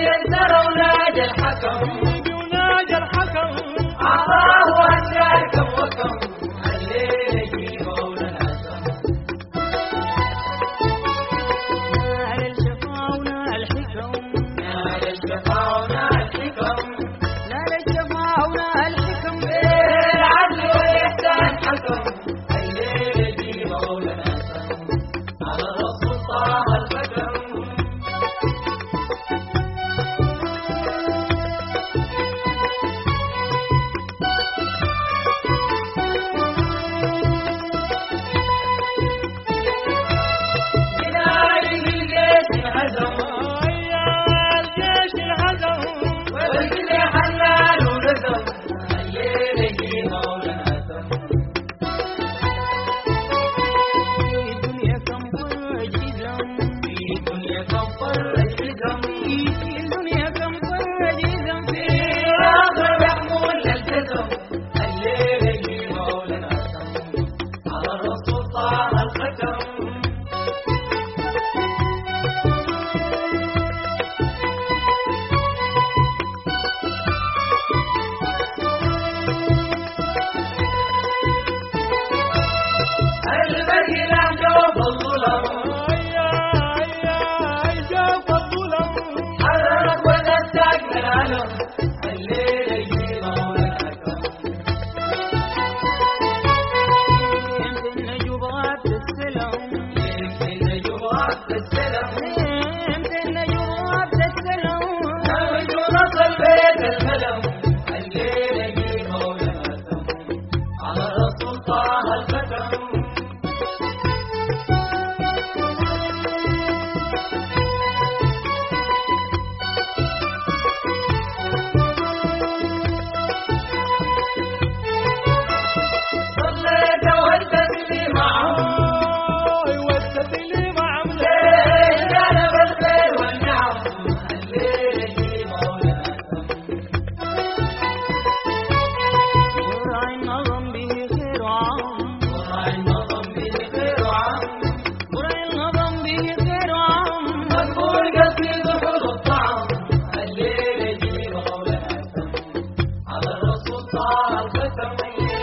ينترون جرحكم السلام சாகசமையே